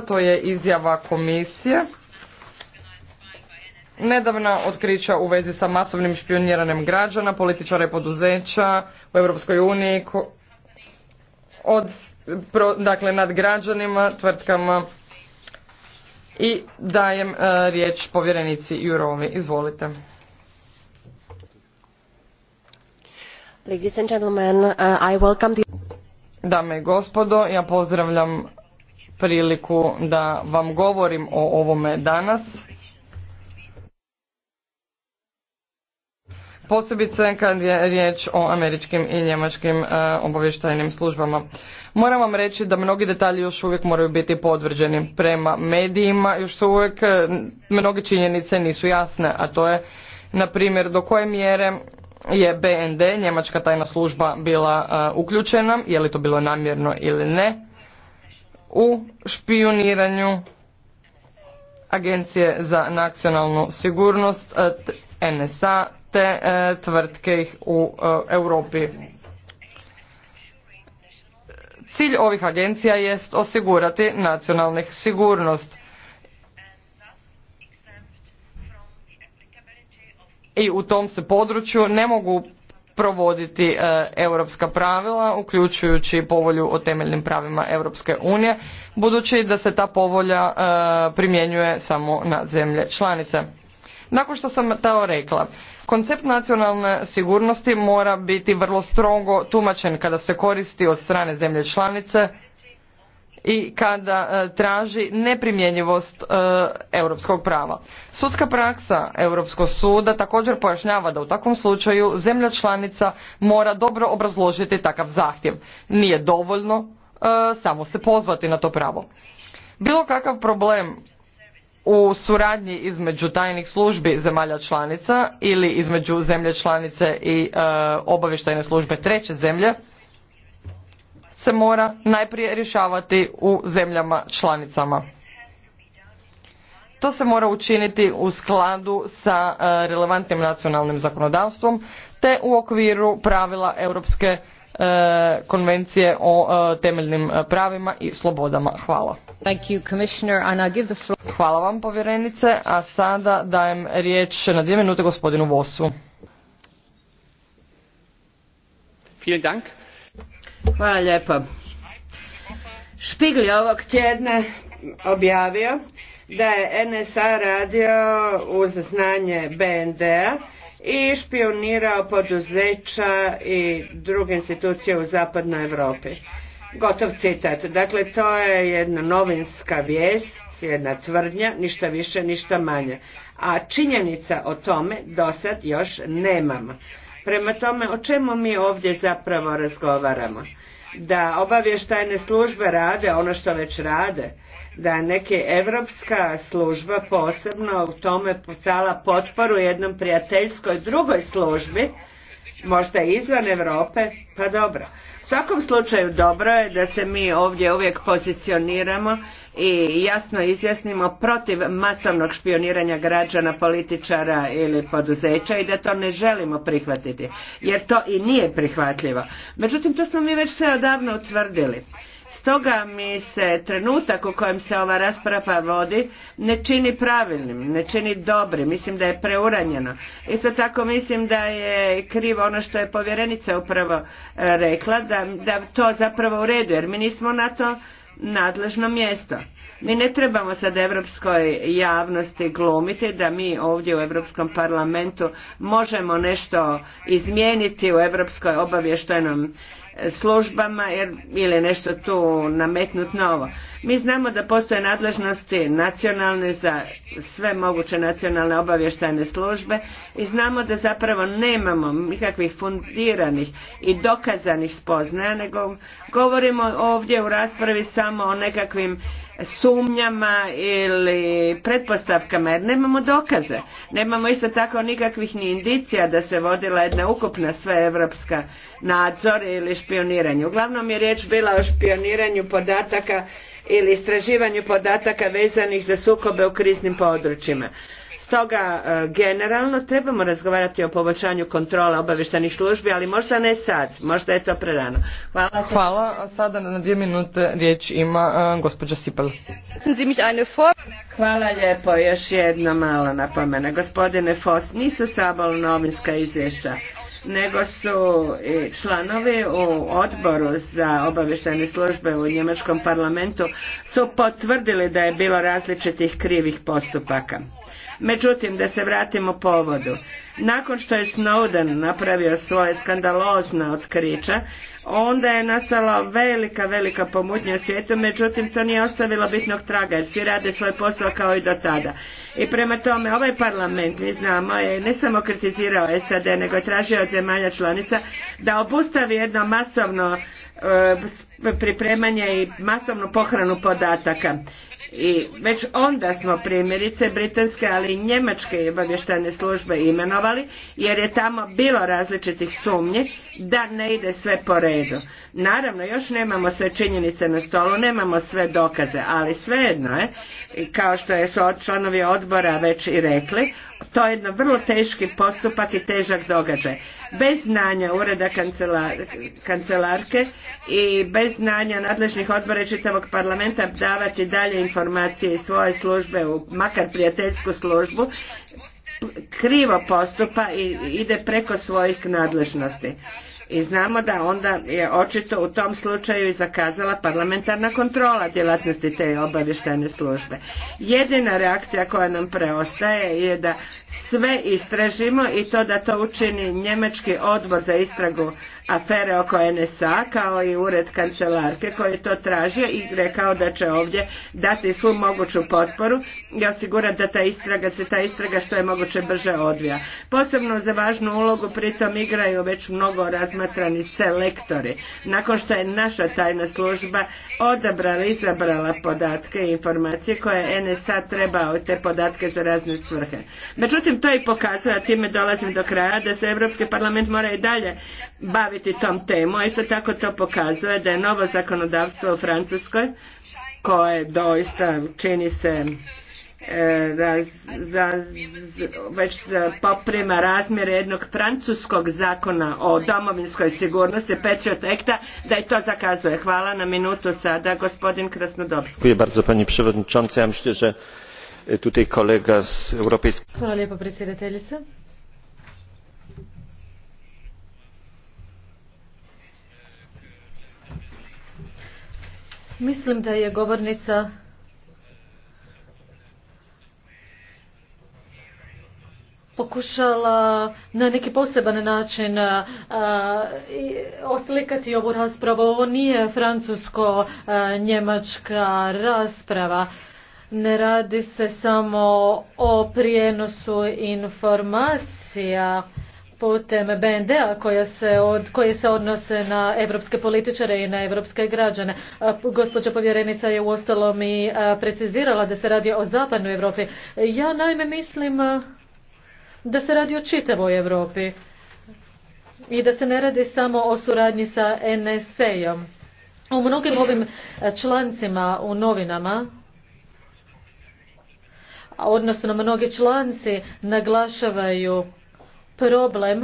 to je izjava komisije. Nedavna otkrića u vezi sa masovnim špioniranjem građana, političara i poduzeća u Europskoj uniji od, dakle, nad građanima, tvrtkama i dajem e, riječ povjerenici Jurovi. Izvolite. Uh, Dame i gospodo, ja pozdravljam priliku da vam govorim o ovome danas. Posebice kad je riječ o američkim i njemačkim e, obavještajnim službama. Moram vam reći da mnogi detalji još uvijek moraju biti podvrđeni prema medijima, još su uvijek e, mnoge činjenice nisu jasne, a to je na primjer do koje mjere je BND, njemačka tajna služba, bila e, uključena, je li to bilo namjerno ili ne, u špioniranju Agencije za nacionalnu sigurnost e, NSA te e, tvrtke u e, Europi. Cilj ovih agencija jest osigurati nacionalnu sigurnost i u tom se području ne mogu provoditi e, europska pravila, uključujući povolju o temeljnim pravima Europske unije, budući da se ta povolja e, primjenjuje samo na zemlje članice. Nakon što sam to rekla, koncept nacionalne sigurnosti mora biti vrlo strogo tumačen kada se koristi od strane zemlje članice i kada e, traži neprimjenjivost e, europskog prava. Sudska praksa Europskog suda također pojašnjava da u takvom slučaju zemlja članica mora dobro obrazložiti takav zahtjev. Nije dovoljno e, samo se pozvati na to pravo. Bilo kakav problem u suradnji između tajnih službi zemalja članica ili između zemlje članice i obavještajne službe treće zemlje se mora najprije rješavati u zemljama članicama. To se mora učiniti u skladu sa e, relevantnim nacionalnim zakonodavstvom te u okviru pravila Europske e, konvencije o e, temeljnim pravima i slobodama. Hvala. Hvala vam povjerenice, a sada dajem riječ na dvije minute gospodinu Vosu. Vielen Hvala lijepo. špigli je ovog tjedna objavio da je NSA radio uz znanje BND-a i špionirao poduzeća i druge institucije u zapadnoj Europi. Gotov citat. Dakle, to je jedna novinska vijest, jedna tvrdnja, ništa više, ništa manje. A činjenica o tome do sad još nemamo. Prema tome, o čemu mi ovdje zapravo razgovaramo? da obavještajne službe rade ono što već rade, da neke evropska služba posebno u tome postala potporu jednom prijateljskoj drugoj službi, možda izvan Europe, pa dobro svakom slučaju dobro je da se mi ovdje uvijek pozicioniramo i jasno izjasnimo protiv masovnog špioniranja građana, političara ili poduzeća i da to ne želimo prihvatiti, jer to i nije prihvatljivo. Međutim, to smo mi već sve odavno utvrdili. Stoga mi se trenutak u kojem se ova rasprava vodi ne čini pravilnim, ne čini dobrim, mislim da je preuranjeno. Isto tako mislim da je krivo ono što je povjerenica upravo e, rekla, da, da to zapravo u redu, jer mi nismo na to nadležno mjesto. Mi ne trebamo sad evropskoj javnosti glumiti da mi ovdje u Europskom parlamentu možemo nešto izmijeniti u Europskoj obavještajnom službama jer, ili nešto tu nametnut novo. Mi znamo da postoje nadležnosti nacionalne za sve moguće nacionalne obavještajne službe i znamo da zapravo nemamo nikakvih fundiranih i dokazanih spoznaja, nego govorimo ovdje u raspravi samo o nekakvim sumnjama ili pretpostavkama jer nemamo dokaze. Nemamo isto tako nikakvih ni indicija da se vodila jedna ukupna sveevropska nadzor ili špioniranje. Uglavnom je riječ bila o špioniranju podataka ili istraživanju podataka vezanih za sukobe u kriznim područjima. Stoga e, generalno trebamo razgovarati o poboljšanju kontrola obavještajnih službi, ali možda ne sad, možda je to prerano. Hvala. Hvala, sada na dvije minute riječ ima e, gospođa Hvala lijepo, još jedna mala napomena. Gospodine Fos, nisu sabol novinska izvješća nego su članovi u odboru za obavještajne službe u njemačkom parlamentu su potvrdili da je bilo različitih krivih postupaka. Međutim, da se vratimo povodu. Nakon što je Snowden napravio svoje skandalozna otkrića, onda je nastala velika, velika pomutnja u svijetu, međutim to nije ostavilo bitnog traga, jer svi rade svoj posao kao i do tada. I prema tome, ovaj parlament, mi znamo, je ne samo kritizirao SAD, nego je tražio od zemalja članica da obustavi jedno masovno e, pripremanje i masovnu pohranu podataka i već onda smo primjerice britanske, ali i njemačke obavještajne službe imenovali, jer je tamo bilo različitih sumnji da ne ide sve po redu. Naravno, još nemamo sve činjenice na stolu, nemamo sve dokaze, ali svejedno je, kao što su članovi odbora već i rekli, to je jedno vrlo teški postupak i težak događaj. Bez znanja ureda kancelarke i bez znanja nadležnih odbora i čitavog parlamenta davati dalje informacije informacije iz svoje službe, u, makar prijateljsku službu, krivo postupa i ide preko svojih nadležnosti. I znamo da onda je očito u tom slučaju i zakazala parlamentarna kontrola djelatnosti te obavještajne službe. Jedina reakcija koja nam preostaje je da sve istražimo i to da to učini njemački odbor za istragu afere oko NSA kao i ured kancelarke koji je to tražio i rekao da će ovdje dati svu moguću potporu i osigurati da ta istraga se ta istraga što je moguće brže odvija. Posebno za važnu ulogu pritom igraju već mnogo razmatrani selektori. Nakon što je naša tajna služba odabrala, izabrala podatke i informacije koje NSA trebao te podatke za razne svrhe. Međutim, to i pokazuje, a time dolazim do kraja, da se Europski parlament mora i dalje baviti baviti tom temu. a isto tako to pokazuje da je novo zakonodavstvo u Francuskoj koje doista čini se e, da za, već poprima razmjere jednog francuskog zakona o domovinskoj sigurnosti Patriot Acta, da i to zakazuje. Hvala na minutu sada, gospodin Krasnodopski. Dziękuję bardzo, pani przewodnicząca. myślę, że e, tutaj kolega z Europejskiej... Hvala lijepo, predsjedateljice. Mislim da je govornica pokušala na neki poseban način i oslikati ovu raspravu. Ovo nije francusko-njemačka rasprava. Ne radi se samo o prijenosu informacija putem BND-a koje se odnose na europske političare i na europske građane. Gospođa povjerenica je uostalom i precizirala da se radi o zapadnoj Europi. Ja naime mislim da se radi o čitavoj Europi i da se ne radi samo o suradnji sa NSA-om. U mnogim ovim člancima u novinama odnosno mnogi članci naglašavaju problem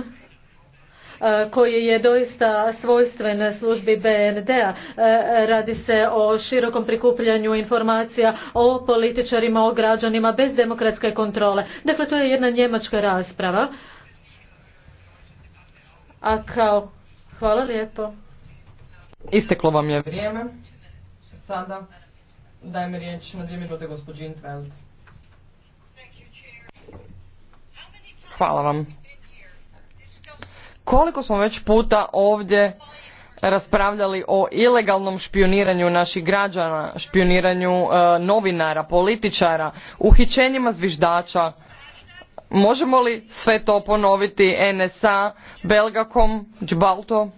e, koji je doista svojstven službi BND-a. E, radi se o širokom prikupljanju informacija o političarima, o građanima bez demokratske kontrole. Dakle, to je jedna njemačka rasprava. A kao... Hvala lijepo. Isteklo vam je vrijeme. Sada dajem riječ na dvije minute gospođi Intveld. Hvala vam. Koliko smo već puta ovdje raspravljali o ilegalnom špioniranju naših građana, špioniranju e, novinara, političara, uhićenjima zviždača. Možemo li sve to ponoviti NSA, Belgakom, Džbalto?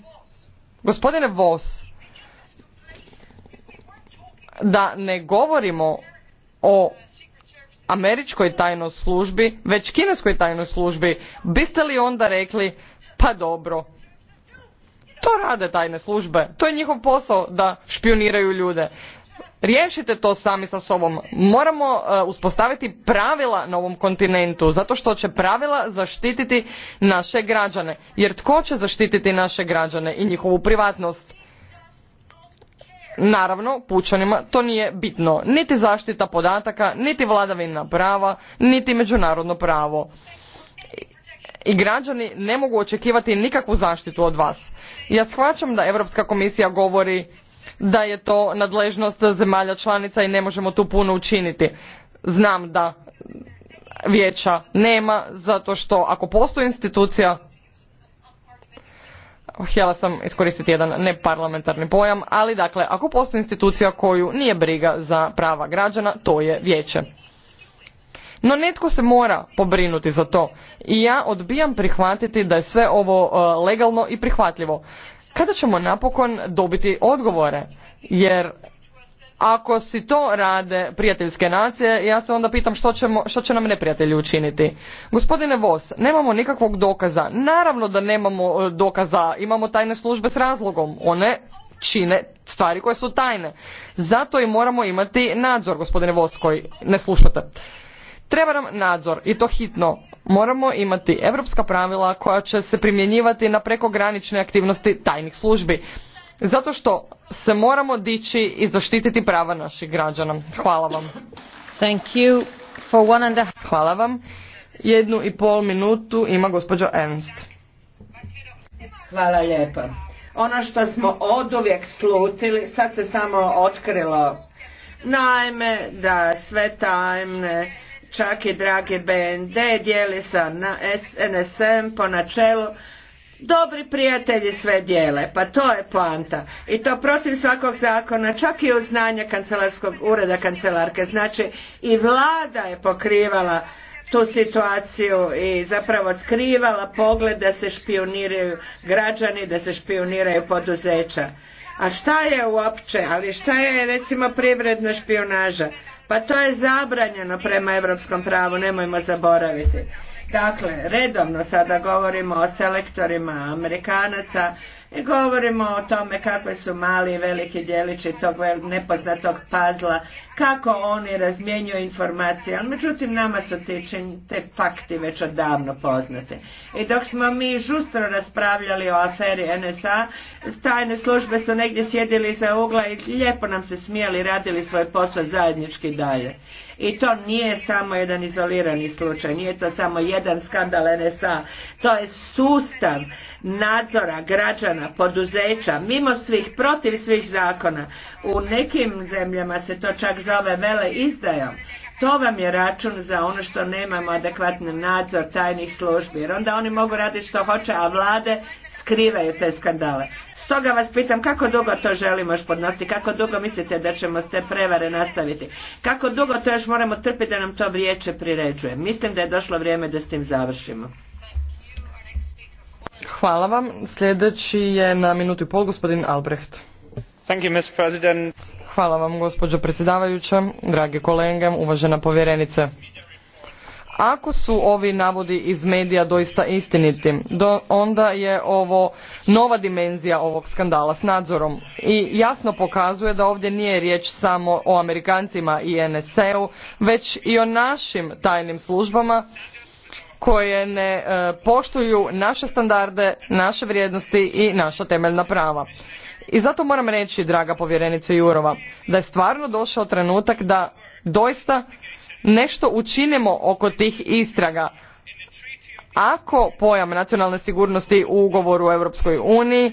Gospodine Voss, da ne govorimo o američkoj tajnoj službi, već kineskoj tajnoj službi, biste li onda rekli pa dobro. To rade tajne službe. To je njihov posao da špioniraju ljude. Riješite to sami sa sobom. Moramo e, uspostaviti pravila na ovom kontinentu, zato što će pravila zaštititi naše građane. Jer tko će zaštititi naše građane i njihovu privatnost? Naravno, pučanima to nije bitno. Niti zaštita podataka, niti vladavina prava, niti međunarodno pravo i građani ne mogu očekivati nikakvu zaštitu od vas. Ja shvaćam da Europska komisija govori da je to nadležnost zemalja članica i ne možemo tu puno učiniti. Znam da vijeća nema zato što ako postoji institucija htjela sam iskoristiti jedan neparlamentarni pojam ali dakle ako postoji institucija koju nije briga za prava građana to je vijeće. No netko se mora pobrinuti za to i ja odbijam prihvatiti da je sve ovo uh, legalno i prihvatljivo. Kada ćemo napokon dobiti odgovore? Jer ako si to rade prijateljske nacije, ja se onda pitam što, ćemo, će nam neprijatelji učiniti. Gospodine Vos, nemamo nikakvog dokaza. Naravno da nemamo uh, dokaza, imamo tajne službe s razlogom. One čine stvari koje su tajne. Zato i moramo imati nadzor, gospodine Vos, koji ne slušate. Treba nam nadzor i to hitno. Moramo imati europska pravila koja će se primjenjivati na prekogranične aktivnosti tajnih službi. Zato što se moramo dići i zaštititi prava naših građana. Hvala vam. Thank you for and a... Hvala vam. Jednu i pol minutu ima gospođa Ernst. Hvala lijepa Ono što smo oduvijek slutili, sad se samo otkrilo. Naime, da sve tajne čak i dragi BND dijeli sa NSM po načelu dobri prijatelji sve dijele, pa to je poanta. I to protiv svakog zakona, čak i uz znanje kancelarskog ureda kancelarke. Znači i vlada je pokrivala tu situaciju i zapravo skrivala pogled da se špioniraju građani, da se špioniraju poduzeća. A šta je uopće, ali šta je recimo privredna špionaža? Pa to je zabranjeno prema europskom pravu, nemojmo zaboraviti. Dakle, redovno sada govorimo o selektorima Amerikanaca, Govorimo o tome kakve su mali i veliki djelići tog nepoznatog pazla, kako oni razmjenjuju informacije, ali međutim nama su ti te fakti već odavno poznate. I dok smo mi žustro raspravljali o aferi NSA, tajne službe su negdje sjedili za ugla i lijepo nam se smijali, radili svoj posao zajednički dalje. I to nije samo jedan izolirani slučaj, nije to samo jedan skandal NSA. To je sustav nadzora građana, poduzeća, mimo svih, protiv svih zakona. U nekim zemljama se to čak zove vele izdajom to vam je račun za ono što nemamo adekvatni nadzor tajnih službi, jer onda oni mogu raditi što hoće, a vlade skrivaju te skandale. Stoga vas pitam kako dugo to želimo još podnositi, kako dugo mislite da ćemo s te prevare nastaviti, kako dugo to još moramo trpiti da nam to vriječe priređuje. Mislim da je došlo vrijeme da s tim završimo. Hvala vam. Sljedeći je na minutu i pol gospodin Albrecht. Hvala vam gospođo predsjedavajuća, dragi kolege, uvažena povjerenice. Ako su ovi navodi iz medija doista istiniti, onda je ovo nova dimenzija ovog skandala s nadzorom i jasno pokazuje da ovdje nije riječ samo o Amerikancima i NSE-u, već i o našim tajnim službama koje ne e, poštuju naše standarde, naše vrijednosti i naša temeljna prava. I zato moram reći, draga povjerenice Jurova, da je stvarno došao trenutak da doista nešto učinimo oko tih istraga. Ako pojam nacionalne sigurnosti u ugovoru u Europskoj uniji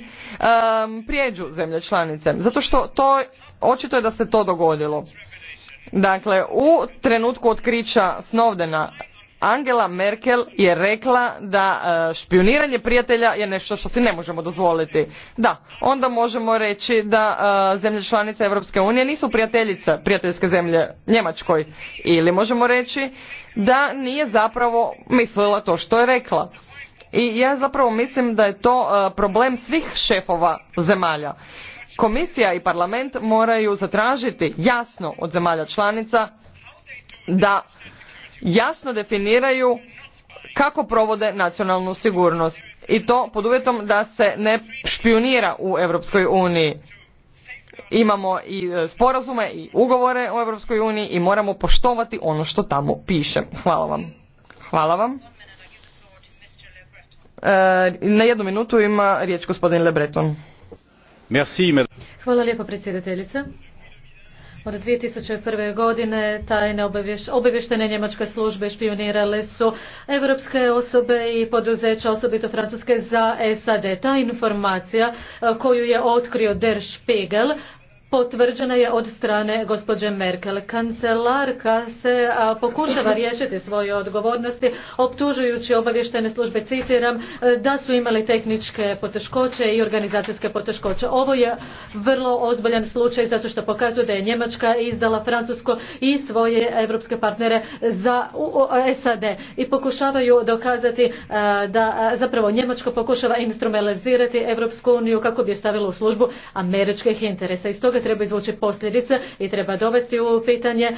prijeđu zemlje članice, zato što to očito je da se to dogodilo. Dakle, u trenutku otkrića Snovdena, Angela Merkel je rekla da e, špioniranje prijatelja je nešto što si ne možemo dozvoliti. Da, onda možemo reći da e, zemlje članice Europske unije nisu prijateljice prijateljske zemlje Njemačkoj. Ili možemo reći da nije zapravo mislila to što je rekla. I ja zapravo mislim da je to e, problem svih šefova zemalja. Komisija i parlament moraju zatražiti jasno od zemalja članica da jasno definiraju kako provode nacionalnu sigurnost i to pod uvjetom da se ne špionira u Europskoj uniji. Imamo i e, sporazume i ugovore u Europskoj uniji i moramo poštovati ono što tamo piše. Hvala vam. Hvala vam. E, na jednu minutu ima riječ gospodin Lebreton. Hvala lijepo predsjedateljice. Od 2001. godine tajne obavještene njemačke službe špionirale su evropske osobe i poduzeća, osobito francuske, za SAD. Ta informacija e, koju je otkrio Der Spiegel potvrđena je od strane gospođe Merkel. Kancelarka se pokušava riješiti svoje odgovornosti optužujući obavještene službe, citiram, e, da su imali tehničke poteškoće i organizacijske poteškoće. Ovo je vrlo ozbiljan slučaj zato što pokazuje da je Njemačka izdala Francusko i svoje europske partnere za SAD i pokušavaju dokazati e, da zapravo Njemačka pokušava instrumentalizirati Europsku uniju kako bi je stavila u službu američkih interesa. Iz toga treba izvući posljedice i treba dovesti u pitanje e,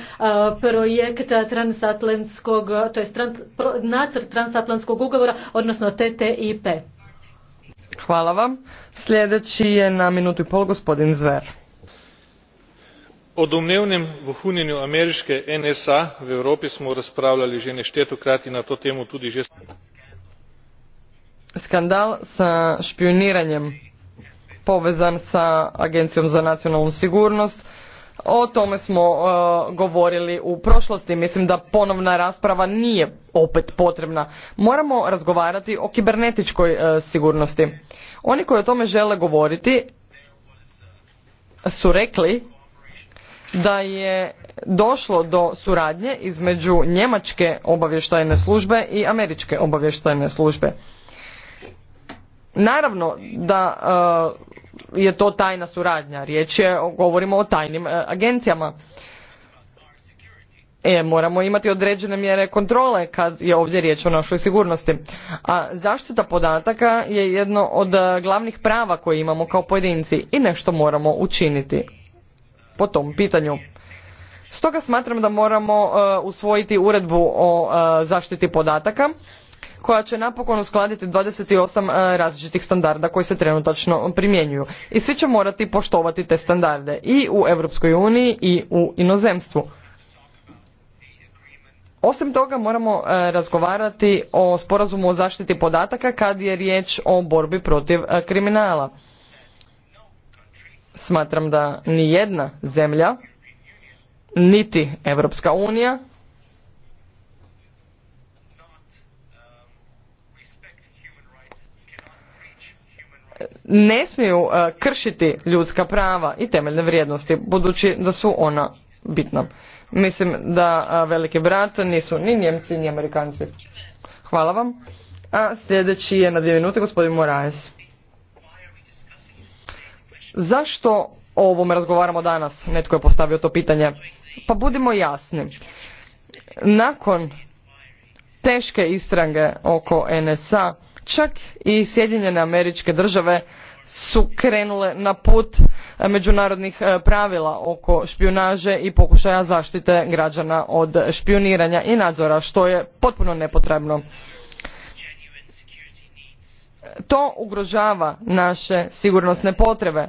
projekta transatlantskog, to je nacrt transatlantskog ugovora, odnosno TTIP. Hvala vam. Sljedeći je na minutu i pol gospodin Zver. O domnevnem vohunjenju ameriške NSA v Evropi smo raspravljali že neštetokrat in na to temu tudi že skandal sa špioniranjem povezan sa Agencijom za nacionalnu sigurnost. O tome smo e, govorili u prošlosti. Mislim da ponovna rasprava nije opet potrebna. Moramo razgovarati o kibernetičkoj e, sigurnosti. Oni koji o tome žele govoriti su rekli da je došlo do suradnje između njemačke obavještajne službe i američke obavještajne službe. Naravno da e, je to tajna suradnja. Riječ je, govorimo o tajnim e, agencijama. E, moramo imati određene mjere kontrole kad je ovdje riječ o našoj sigurnosti. A zaštita podataka je jedno od e, glavnih prava koje imamo kao pojedinci i nešto moramo učiniti po tom pitanju. Stoga smatram da moramo e, usvojiti uredbu o zaštiti podataka koja će napokon uskladiti 28 e, različitih standarda koji se trenutačno primjenjuju. I svi će morati poštovati te standarde i u Europskoj uniji i u inozemstvu. Osim toga moramo e, razgovarati o sporazumu o zaštiti podataka kad je riječ o borbi protiv e, kriminala. Smatram da ni jedna zemlja, niti Europska unija, ne smiju e, kršiti ljudska prava i temeljne vrijednosti budući da su ona bitna. Mislim da e, veliki brat nisu ni Njemci ni Amerikanci. Hvala vam. A sljedeći je na dvije minute gospodin Moraes. Zašto o ovom razgovaramo danas? Netko je postavio to pitanje. Pa budimo jasni. Nakon teške istrange oko NSA Čak i Sjedinjene američke države su krenule na put međunarodnih e, pravila oko špijunaže i pokušaja zaštite građana od špioniranja i nadzora što je potpuno nepotrebno to ugrožava naše sigurnosne potrebe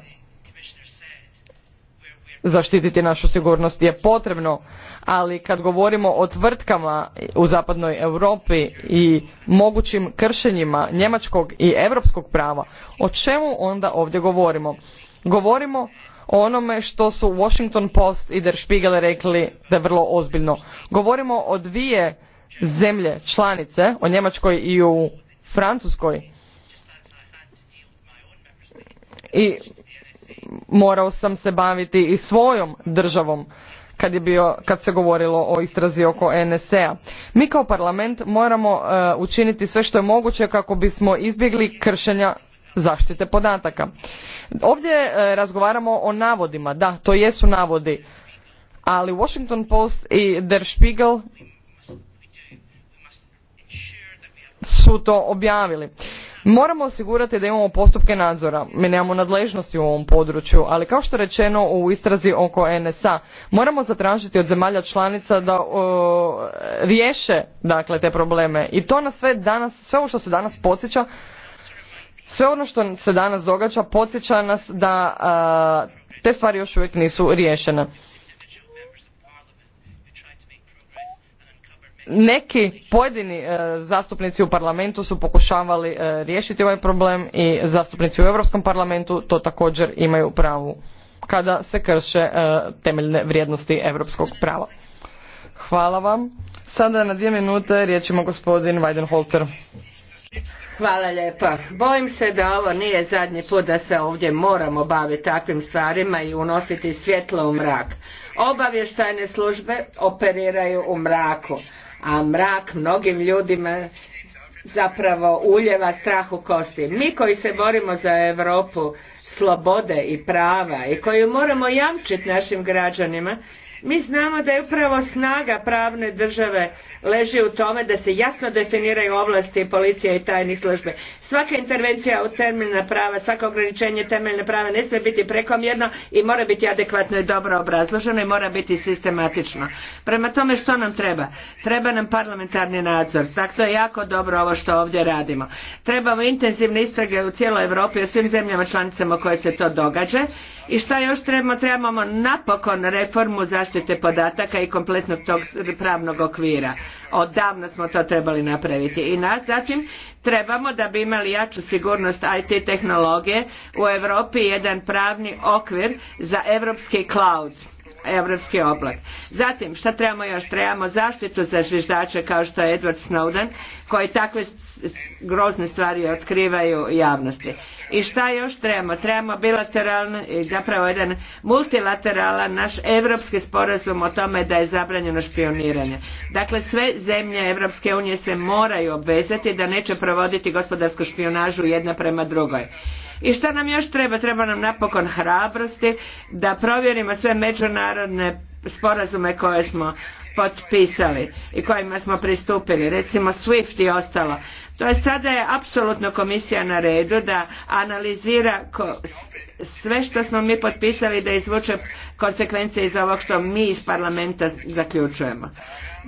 zaštititi našu sigurnost je potrebno, ali kad govorimo o tvrtkama u zapadnoj Europi i mogućim kršenjima njemačkog i europskog prava, o čemu onda ovdje govorimo? Govorimo o onome što su Washington Post i Der Spiegel rekli da je vrlo ozbiljno. Govorimo o dvije zemlje članice, o Njemačkoj i u Francuskoj, i morao sam se baviti i svojom državom kad je bio kad se govorilo o istrazi oko NSA. Mi kao parlament moramo e, učiniti sve što je moguće kako bismo izbjegli kršenja zaštite podataka. Ovdje e, razgovaramo o navodima, da, to jesu navodi. Ali Washington Post i Der Spiegel su to objavili. Moramo osigurati da imamo postupke nadzora. Mi nemamo nadležnosti u ovom području, ali kao što je rečeno u istrazi oko NSA, moramo zatražiti od zemalja članica da riješe dakle, te probleme. I to na sve danas, sve ovo što se danas podsjeća, sve ono što se danas događa podsjeća nas da te stvari još uvijek nisu riješene. neki pojedini e, zastupnici u parlamentu su pokušavali e, riješiti ovaj problem i zastupnici u europskom parlamentu to također imaju pravu kada se krše e, temeljne vrijednosti europskog prava hvala vam sada na dvije minute riječ ima gospodin Weidenholter. Hvala lijepa. Bojim se da ovo nije zadnji put da se ovdje moramo baviti takvim stvarima i unositi svjetlo u mrak. Obavještajne službe operiraju u mraku a mrak mnogim ljudima zapravo uljeva strah u kosti. Mi koji se borimo za Europu slobode i prava i koju moramo jamčiti našim građanima mi znamo da je upravo snaga pravne države leži u tome da se jasno definiraju ovlasti policije i tajnih službe. Svaka intervencija u temeljna prava, svako ograničenje temeljne prava ne smije biti prekomjerno i mora biti adekvatno i dobro obrazloženo i mora biti sistematično. Prema tome što nam treba? Treba nam parlamentarni nadzor. zato je jako dobro ovo što ovdje radimo. Trebamo intenzivne istrage u cijeloj Europi u svim zemljama članicama koje se to događa i šta još trebamo? Trebamo napokon reformu zaštite podataka i kompletnog tog pravnog okvira. Odavno smo to trebali napraviti. I nas zatim trebamo da bi imali jaču sigurnost IT tehnologije u Europi jedan pravni okvir za europski cloud europski oblak. Zatim, šta trebamo još? Trebamo zaštitu za zviždače kao što je Edward Snowden, koji takve grozne stvari otkrivaju javnosti. I šta još trebamo? Trebamo bilateralno i zapravo jedan multilateralan naš europski sporazum o tome da je zabranjeno špioniranje. Dakle, sve zemlje Europske unije se moraju obvezati da neće provoditi gospodarsku špionažu jedna prema drugoj. I šta nam još treba? Treba nam napokon hrabrosti da provjerimo sve međunarodne sporazume koje smo potpisali i kojima smo pristupili, recimo SWIFT i ostalo. To je sada je apsolutno komisija na redu da analizira sve što smo mi potpisali da izvuče konsekvence iz ovog što mi iz parlamenta zaključujemo.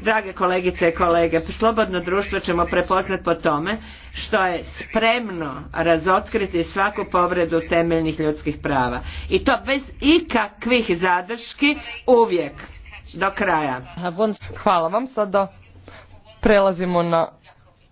Drage kolegice i kolege, slobodno društvo ćemo prepoznati po tome što je spremno razotkriti svaku povredu temeljnih ljudskih prava. I to bez ikakvih zadrški uvijek do kraja. Hvala vam sada. Prelazimo na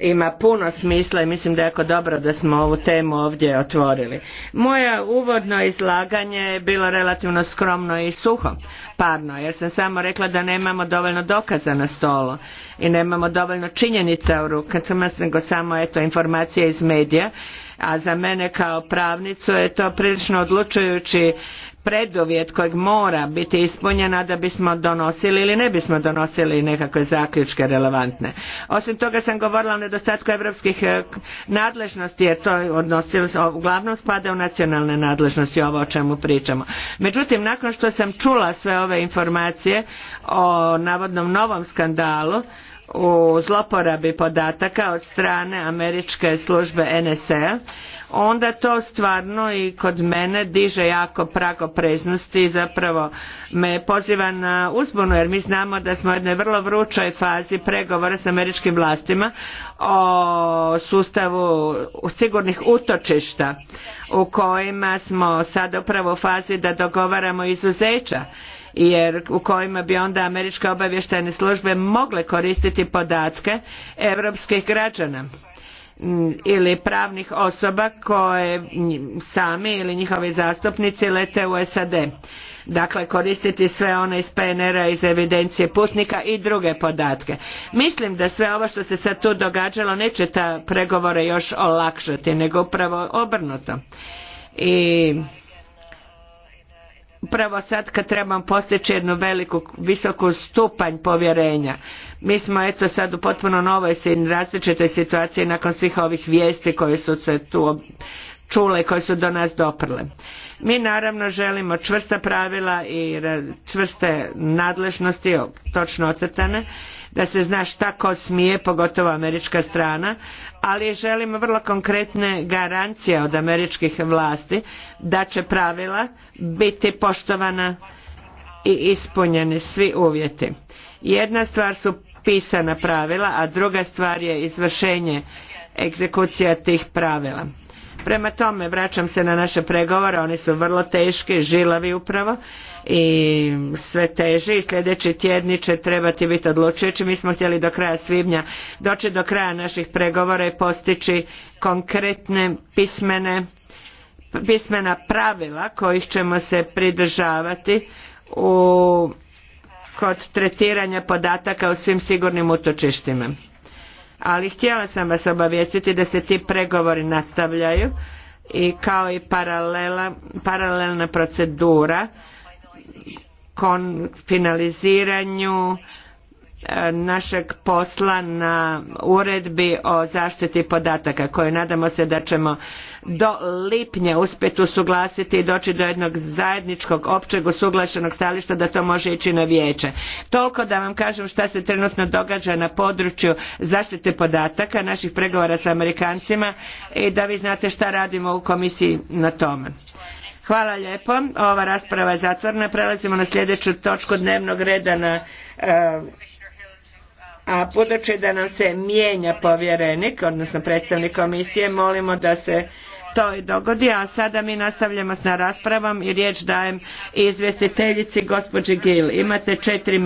ima puno smisla i mislim da je jako dobro da smo ovu temu ovdje otvorili. Moje uvodno izlaganje je bilo relativno skromno i suho, parno, jer sam samo rekla da nemamo dovoljno dokaza na stolu i nemamo dovoljno činjenica u rukama, nego samo eto informacija iz medija a za mene kao pravnicu je to prilično odlučujući preduvjet kojeg mora biti ispunjena da bismo donosili ili ne bismo donosili nekakve zaključke relevantne. Osim toga sam govorila o nedostatku europskih e, nadležnosti jer to odnosilo, uglavnom spada u nacionalne nadležnosti ovo o čemu pričamo. Međutim, nakon što sam čula sve ove informacije o navodnom novom skandalu u zloporabi podataka od strane američke službe NSA onda to stvarno i kod mene diže jako prag opreznosti i zapravo me poziva na uzbunu jer mi znamo da smo u jednoj vrlo vrućoj fazi pregovora s američkim vlastima o sustavu sigurnih utočišta u kojima smo sad upravo u fazi da dogovaramo izuzeća jer u kojima bi onda američke obavještajne službe mogle koristiti podatke europskih građana Mm, ili pravnih osoba koje sami ili njihovi zastupnici lete u SAD. Dakle, koristiti sve one iz PNR-a, iz evidencije putnika i druge podatke. Mislim da sve ovo što se sad tu događalo neće ta pregovore još olakšati, nego upravo obrnuto. I upravo sad kad trebam postići jednu veliku, visoku stupanj povjerenja. Mi smo eto sad u potpuno novoj različitoj situaciji nakon svih ovih vijesti koje su se tu čule i koje su do nas doprle. Mi naravno želimo čvrsta pravila i čvrste nadležnosti, točno ocrtane, da se zna šta ko smije, pogotovo američka strana, ali želimo vrlo konkretne garancije od američkih vlasti da će pravila biti poštovana i ispunjeni svi uvjeti. Jedna stvar su pisana pravila, a druga stvar je izvršenje egzekucija tih pravila. Prema tome, vraćam se na naše pregovore, oni su vrlo teški, žilavi upravo i sve teže i sljedeći tjedni će trebati biti odlučujući. Mi smo htjeli do kraja svibnja doći do kraja naših pregovora i postići konkretne pismene, pismena pravila kojih ćemo se pridržavati u, kod tretiranja podataka u svim sigurnim utočištima ali htjela sam vas obavijestiti da se ti pregovori nastavljaju i kao i paralelna procedura kon finaliziranju našeg posla na uredbi o zaštiti podataka koju nadamo se da ćemo do lipnja uspjeti usuglasiti i doći do jednog zajedničkog općeg usuglašenog stajališta da to može ići na vijeće. Toliko da vam kažem šta se trenutno događa na području zaštite podataka naših pregovora sa Amerikancima i da vi znate šta radimo u komisiji na tome. Hvala lijepo. Ova rasprava je zatvorena. Prelazimo na sljedeću točku dnevnog reda na e, a budući da nam se mijenja povjerenik, odnosno predstavnik komisije, molimo da se to i dogodi, a sada mi nastavljamo s raspravom i riječ dajem izvjestiteljici gospođi Gil. Imate četiri